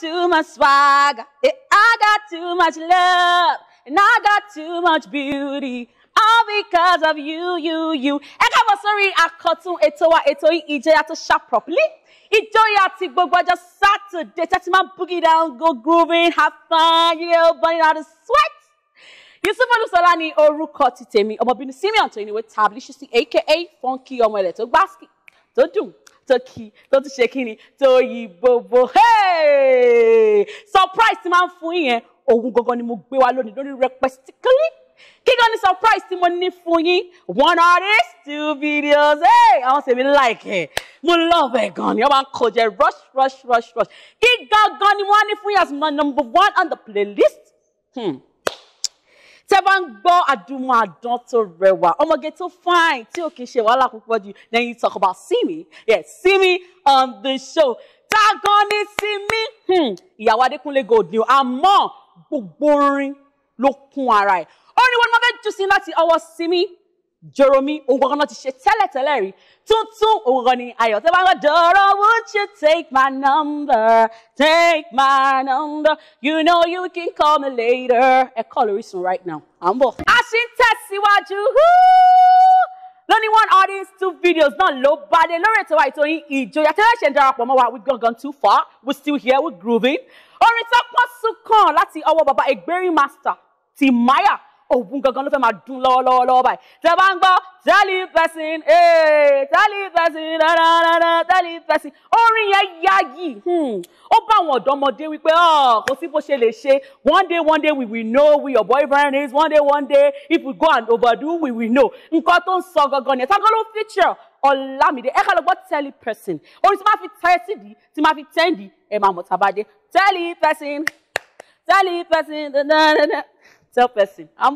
too much swag, I got too much love. And I got too much beauty. All because of you, you, you. Ẹ káàbọ̀ sórí àkọ́tún ètò wa ètò ìjọyà tó ṣá properly. Ìjọyà ti gbogbo just Saturday tẹ́tí máa boogie down, go grooving, have fun, you know, burning out the sweat. Yusuf Olúṣọlá ni orúkọ ti tèmi, ọmọbìnrin Simeon tó ìníwé Tablish sí aka Funky ọmọ ilẹ̀ tó gbásìkì tó dùn tó kí tó tún ṣe kíni tó yí gbogbo surprise ti máa ń fún yín yẹn òun gangan ni mo gbé wá lónìí lórí rẹpẹtikálí kí gan ni surprise tí mo ní fún yín one artist two videos àwọn tèmi like ẹ mo love ẹ gan ni wọn máa ń kọ jẹ rush rush rush rush kí gangan ni wọn á ní fún yín as my number one on the playlist. Hmm tẹ́ bá ń gbọ́ àdúmọ̀ àdán tó rẹwà ọmọge tó fine tí ò kì í ṣe wàhálà púpọ̀ jù then you talk about Simi yeah Simi on the show tágan ní Simi hmm, ìyàwó Adékúnlé Gold ni àmọ́ gbogbo orin ló kún ara ẹ̀ ó ní wọn ni wọn fẹ́ jù sí láti ọwọ́ Simi Joromi òun gangan náà ti ṣe tẹ́lẹ̀tẹ́lẹ̀ rí tuntun òun gangan ni ayọ̀ tẹ́ bá ń gbọ́ dọ̀rọ̀ would you take my number take my number you know you can call me later ẹ call Orísun right now à ń bọ̀. a ṣì ń tẹ̀síwájú lóní one audience two videos náà ló bá dé lórí ètò wa ìtòyìn ìjòyà tẹ́lẹ̀ ṣe ń darapọ̀ mọ́ wa we gangan too far we still here we grooving orin tó pọ̀ sùn kàn láti ọwọ́ baba Egberi master ti maya òògùn gangan ló fẹ́ máa dún lọ́wọ́lọ́wọ́ lọ́wọ́ báyìí tẹ́ bá ń gbọ́ tẹ́lí pẹ́sìn eh, tẹ́lí pẹ́sìn rárá tẹ́lí pẹ́sìn orin yẹn yáyì hmm. ó bá àwọn ọ̀dọ́mọdé wípé oh, kò sí bó ṣe lè ṣe one day one day we will know we your boyfriend is one day one day if we go and overdo we will know nǹkan tó ń sọ gangan yẹn tágọ́ ló feature Ọlámídé ẹ ká lọ gbọ́ tẹ́lí pẹ́sìn orin tí máa fi tẹ́sí di tí máa fi tẹ́ndì ẹ̀ máa mọ̀ tàbádé tẹ́lí pẹ́sìn tẹ́lí pẹ́sìn dandandandan tell person à